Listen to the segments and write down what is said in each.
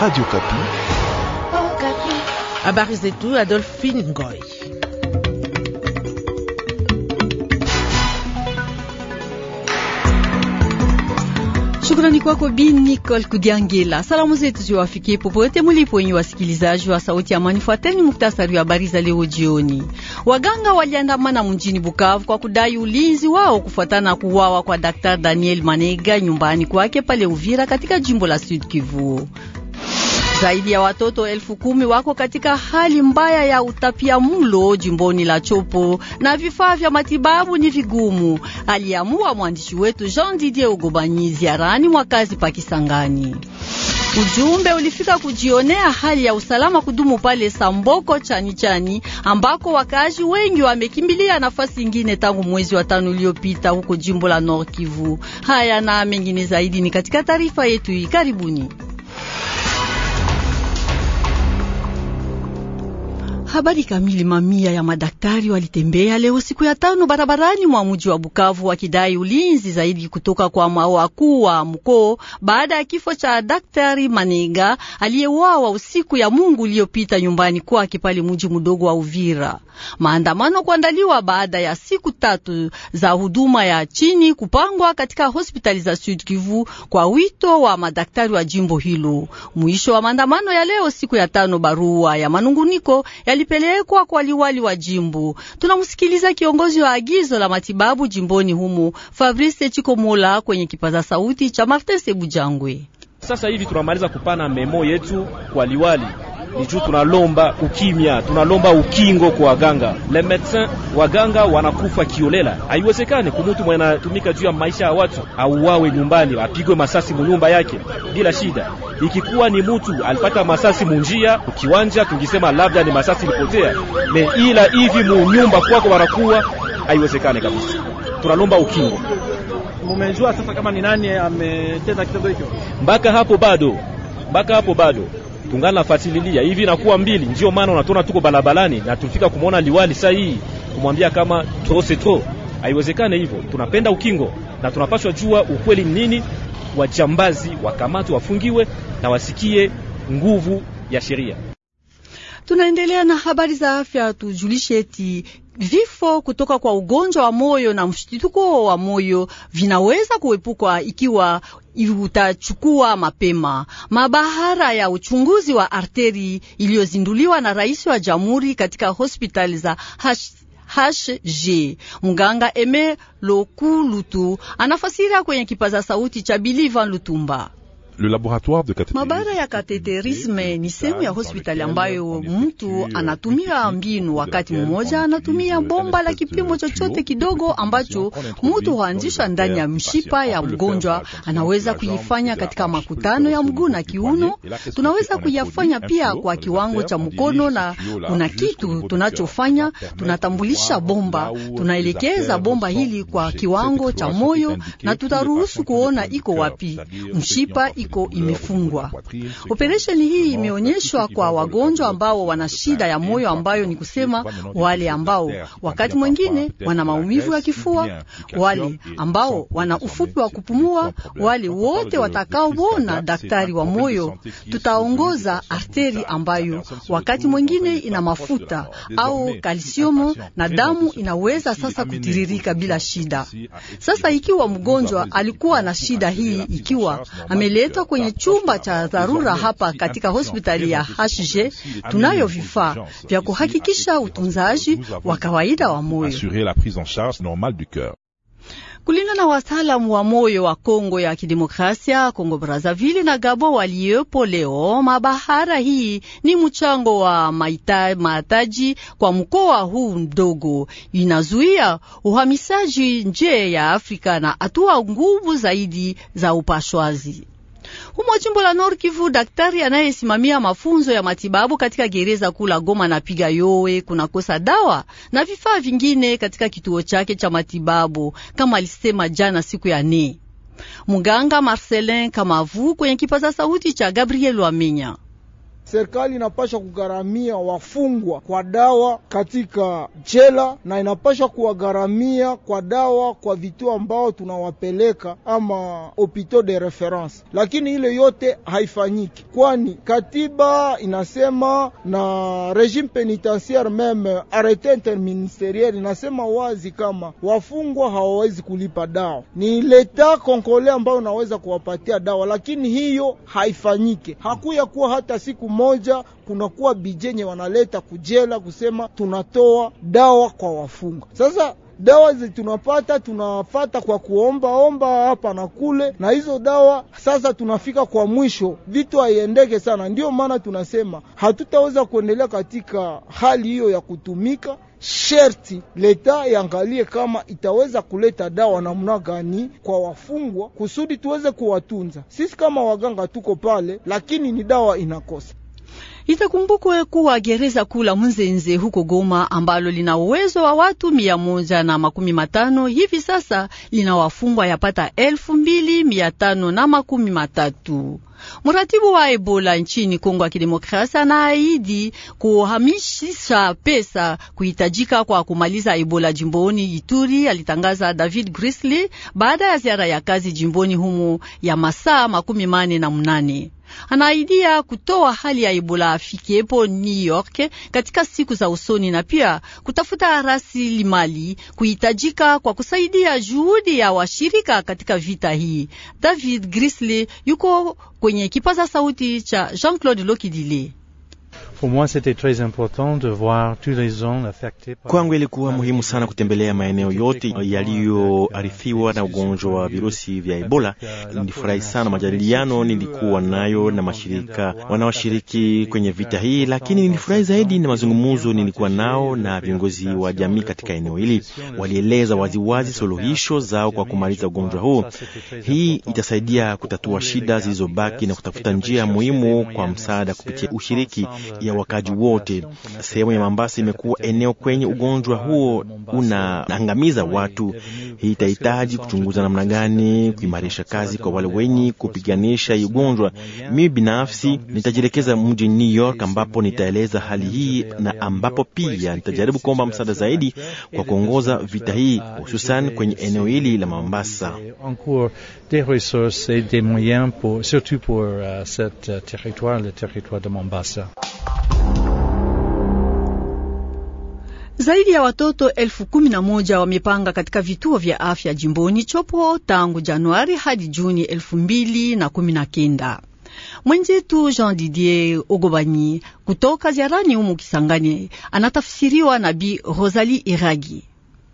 Radio Kapi. Habari zetu Adolphine Ngoy. Shukrani kwako Bi Nicole Kudiangela. Salamu zetu ziwafikie popote mulipo, enyi wasikilizaji wa Sauti ya Amani. Fuateni muktasari wa habari za leo jioni. Waganga waliandamana mjini Bukavu kwa kudai ulinzi wao kufuatana na kuwawa kwa Daktari Daniel Manega nyumbani kwake pale Uvira katika jimbo la Sud Kivu. Zaidi ya watoto elfu kumi wako katika hali mbaya ya utapia mulo jimboni la Chopo na vifaa vya matibabu ni vigumu, aliamua mwandishi wetu Jean Didier Ugobanyi ziarani mwakazi pa Kisangani. Ujumbe ulifika kujionea hali ya usalama kudumu pale Samboko chani chani, ambako wakazi wengi wamekimbilia nafasi ingine tangu mwezi wa tano uliopita, huko jimbo la Nord Kivu. Haya na mengine zaidi ni katika taarifa yetu hii. Karibuni. Habari kamili. Mamia ya madaktari walitembea leo siku ya tano barabarani mwa mji wa Bukavu wakidai ulinzi zaidi kutoka kwa wakuu wa mkoo baada ya kifo cha daktari Manega aliyeuawa usiku ya Mungu uliyopita nyumbani kwake pale mji mdogo wa Uvira. Maandamano kuandaliwa baada ya siku tatu za huduma ya chini kupangwa katika hospitali za Sud Kivu kwa wito wa madaktari wa jimbo hilo. Mwisho wa maandamano ya leo siku ya tano, barua ya manunguniko yali yalipelekwa kwa liwali wa jimbo. Tunamsikiliza kiongozi wa agizo la matibabu jimboni humo Fabrice Chikomola kwenye kipaza sauti cha Martin Sebujangwe. Sasa hivi tunamaliza kupana memo yetu kwa liwali ni juu tunalomba ukimya, tunalomba ukingo kwa waganga. Le medecin waganga wanakufa kiolela, haiwezekani kumutu mwenye anatumika juu ya maisha ya watu auawe nyumbani, apigwe masasi munyumba yake bila shida. Ikikuwa ni mutu alipata masasi munjia ukiwanja, tungisema labda ni masasi ilipotea me, ila hivi munyumba kwako wanakuwa, haiwezekani kabisa. Tunalomba ukingo. Mumejua sasa kama ni nani ametenda kitendo hicho? Mpaka hapo bado, mpaka hapo bado tungana fatililia hivi inakuwa mbili, ndio maana unatona tuko balabalani na tufika kumwona liwali saa hii kumwambia kama trop c'est trop. Haiwezekane hivyo, tunapenda ukingo na tunapaswa jua ukweli nini. Wajambazi wakamate, wafungiwe na wasikie nguvu ya sheria. Tunaendelea na habari za afya, tujulishe eti vifo kutoka kwa ugonjwa wa moyo na mshtuko wa moyo vinaweza kuepukwa ikiwa utachukua mapema. Mabahara ya uchunguzi wa arteri iliyozinduliwa na rais wa jamhuri katika hospitali za HG mganga Eme Lokulutu anafasiria kwenye kipaza sauti cha Bilivan Lutumba. Maabara ya kateterisme ni sehemu ya hospitali ambayo mtu euh, anatumia mbinu, wakati mmoja anatumia bomba la kipimo chochote kidogo ambacho mtu huanzisha ndani ya mshipa ya mgonjwa. Anaweza kuifanya katika makutano ya mguu na kiuno, tunaweza kuyafanya pia kwa kiwango cha mkono, na kuna kitu tunachofanya, tunatambulisha bomba, tunaelekeza bomba hili kwa kiwango cha moyo, na tutaruhusu kuona iko wapi mshipa iko iko imefungwa. Operesheni hii imeonyeshwa kwa wagonjwa ambao wana shida ya moyo, ambayo ni kusema wale ambao wakati mwingine wana maumivu ya kifua, wale ambao wana ufupi wa kupumua, wale wote watakaoona daktari wa moyo, tutaongoza arteri ambayo wakati mwingine ina mafuta au kalsiomo na damu inaweza sasa kutiririka bila shida. Sasa ikiwa mgonjwa alikuwa na shida hii, ikiwa ameleta hata kwenye chumba cha dharura hapa katika hospitali ya HG tunayo vifaa vya kuhakikisha utunzaji wa kawaida wa moyo. Kulingana na wataalamu wa moyo wa Kongo ya Kidemokrasia, Kongo Brazzaville na Gabo waliyepo leo, mabahara hii ni mchango wa mahitaji kwa mkoa huu mdogo, inazuia uhamisaji nje ya Afrika na hatua nguvu zaidi za upashwazi. Humo jimbo la Nord Kivu, daktari anayesimamia mafunzo ya matibabu katika gereza kula Goma na piga yowe kunakosa dawa na vifaa vingine katika kituo chake cha matibabu, kama alisema jana siku ya nne muganga Marcelin Kamavu kwenye kipaza sauti cha Gabriel Waminya serikali inapasha kugharamia wafungwa kwa dawa katika jela na inapasha kuwagharamia kwa dawa kwa vituo ambao tunawapeleka ama hopitau de reference, lakini ile yote haifanyiki, kwani katiba inasema na regime penitentiaire meme arrete interministeriel inasema wazi kama wafungwa hawawezi kulipa dawa. Ni leta kongole ambayo unaweza kuwapatia dawa, lakini hiyo haifanyike. Hakuya kuwa hata siku moja kunakuwa bijenye wanaleta kujela kusema tunatoa dawa kwa wafunga. Sasa dawa zi tunapata tunafata kwa kuombaomba hapa na kule, na hizo dawa sasa tunafika kwa mwisho, vitu haiendeke sana. Ndiyo maana tunasema hatutaweza kuendelea katika hali hiyo ya kutumika. Sherti leta yangalie kama itaweza kuleta dawa namna gani kwa wafungwa kusudi tuweze kuwatunza. Sisi kama waganga tuko pale, lakini ni dawa inakosa Itakumbukwe kuwa gereza kuu la Munzenze huko Goma ambalo lina uwezo wa watu mia moja na makumi matano hivi sasa lina wafungwa yapata elfu mbili mia tano na makumi matatu. Mratibu wa Ebola nchini Kongo ya Kidemokrasia anaahidi kuhamishisha pesa kuhitajika kwa kumaliza Ebola jimboni Ituri, alitangaza David Grisley baada ya ziara ya kazi jimboni humo ya masaa makumi mane na mnane. Anaidia kutoa hali ya Ebola afikiepo New York katika siku za usoni na pia kutafuta rasilimali kuhitajika kwa kusaidia juhudi ya washirika katika vita hii. David Grisley yuko kwenye kipaza sauti cha Jean-Claude Lokidile. Kwangu ilikuwa muhimu sana kutembelea maeneo yote yaliyoarifiwa na ugonjwa wa virusi vya Ebola. Nilifurahi sana majadiliano nilikuwa nayo na mashirika wanaoshiriki kwenye vita hii, lakini nilifurahi zaidi na mazungumzo nilikuwa nao na viongozi wa jamii katika eneo hili. Walieleza waziwazi suluhisho zao kwa kumaliza ugonjwa huu. Hii itasaidia kutatua shida zilizobaki na kutafuta njia muhimu kwa msaada kupitia ushiriki ya wakaji wote. Sehemu ya mambasa imekuwa eneo kwenye ugonjwa huo unaangamiza watu. Hii itahitaji kuchunguza namna gani kuimarisha kazi kwa wale wenye kupiganisha ugonjwa. Mimi binafsi nitajielekeza mji New York, ambapo nitaeleza hali hii na ambapo pia nitajaribu kuomba msaada zaidi kwa kuongoza vita hii, hususan kwenye eneo hili la Mombasa. Euh, euh, Mombasa. Zaidi ya watoto elfu kumi na moja wamepanga katika vituo vya afya jimboni Chopo tangu Januari hadi Juni elfu mbili na kumi na kenda. Mwenzetu Jean Didier Ogobani kutoka ziarani humu Kisangani anatafsiriwa na Bi Rosalie Iragi.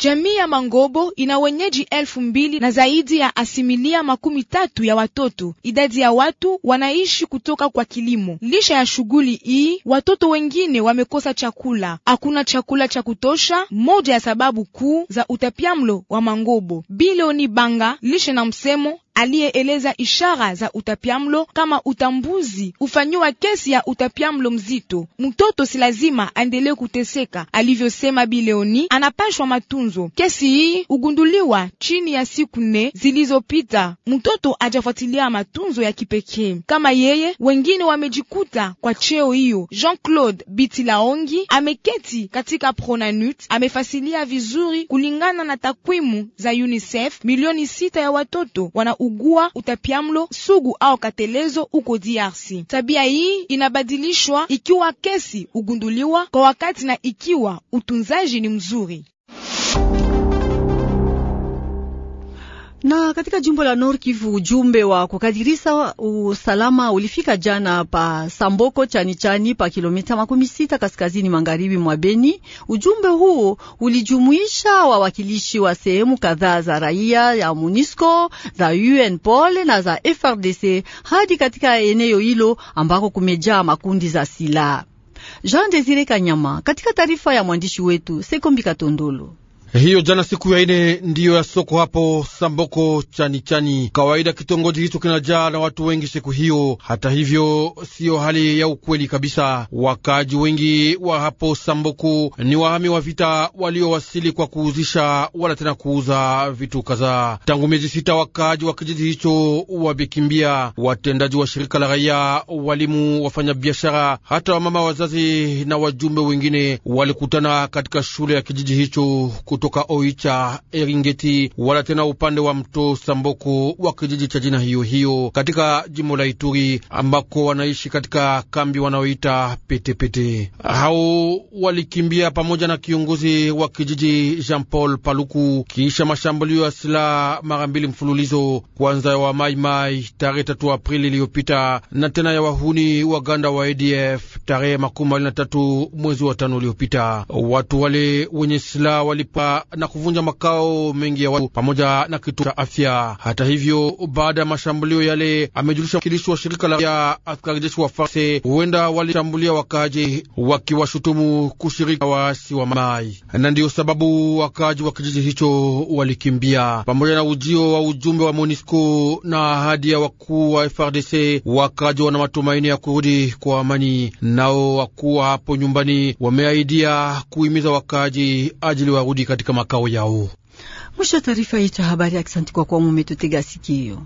Jamii ya Mangobo ina wenyeji elfu mbili na zaidi ya asimilia makumi tatu ya watoto. Idadi ya watu wanaishi kutoka kwa kilimo. Lisha ya shughuli hii, watoto wengine wamekosa chakula, hakuna chakula cha kutosha, moja ya sababu kuu za utapiamlo wa Mangobo. Bilioni Banga lishe na msemo aliyeeleza ishara za utapiamlo kama utambuzi ufanyiwa kesi ya utapiamlo mzito. Mtoto si lazima aendelee kuteseka, alivyosema Bileoni, anapashwa matunzo. Kesi hii ugunduliwa chini ya siku nne zilizopita, mtoto ajafuatilia matunzo ya kipekee kama yeye, wengine wamejikuta kwa cheo hiyo. Jean-Claude Bitilaongi ameketi katika Pronanut, amefasilia vizuri kulingana na takwimu za UNICEF, milioni sita ya watoto wana kuugua utapiamlo sugu au katelezo uko DRC. Tabia hii inabadilishwa ikiwa kesi ugunduliwa kwa wakati na ikiwa utunzaji ni mzuri. Na katika jimbo la Nord Kivu ujumbe wa kukadirisa usalama ulifika jana pa Samboko chani chani pa kilomita makumi sita kaskazini magharibi mwa Beni. Ujumbe huo ulijumuisha wawakilishi wa sehemu kadhaa za raia ya MONUSCO, za UNPOL na za FRDC hadi katika eneo hilo ambako kumejaa makundi za silaha. Jean Desire Kanyama katika taarifa ya mwandishi wetu Sekombi Katondolo hiyo jana siku ya ine ndiyo ya soko hapo Samboko chani chani. Kawaida kitongoji hicho kinajaa na watu wengi siku hiyo. Hata hivyo, siyo hali ya ukweli kabisa. Wakaji wengi wa hapo Samboko ni wahami wa vita waliowasili kwa kuuzisha wala tena kuuza vitu kadhaa. Tangu miezi sita, wakaji wa kijiji hicho wamekimbia. Watendaji wa shirika la raia, walimu, wafanyabiashara, hata wamama wazazi na wajumbe wengine walikutana katika shule ya kijiji hicho kutoka Oicha, Eringeti wala tena upande wa mto Samboko wa kijiji cha jina hiyo hiyo katika jimbo la Ituri ambako wanaishi katika kambi wanaoita Petepete. Hao walikimbia pamoja na kiongozi wa kijiji Jean Paul Paluku kiisha mashambulio ya silaha mara mbili mfululizo, kwanza ya wamaimai tarehe tatu Aprili iliyopita na tena ya wahuni waganda wa ADF tarehe makumi mbili na tatu mwezi wa tano uliopita. Watu wale wenye silaha walipa na kuvunja makao mengi ya watu pamoja na kituo cha afya. Hata hivyo, baada ya mashambulio yale, amejulisha wakilishi wa shirika la askari jeshi wa Farse huenda walishambulia wakaaji wakiwashutumu kushirika waasi wa Mai, na ndiyo sababu wakaaji wa kijiji hicho walikimbia. Pamoja na ujio wa ujumbe wa MONUSCO na ahadi ya wakuu wa FRDC, wakaaji wana matumaini ya kurudi kwa amani. Nao wakuu hapo nyumbani wameahidia kuhimiza wakaaji ajili warudi katika makao yao. Mwisho wa taarifa yetu ya habari. Aksanti kwa kuwa mumetutega sikio.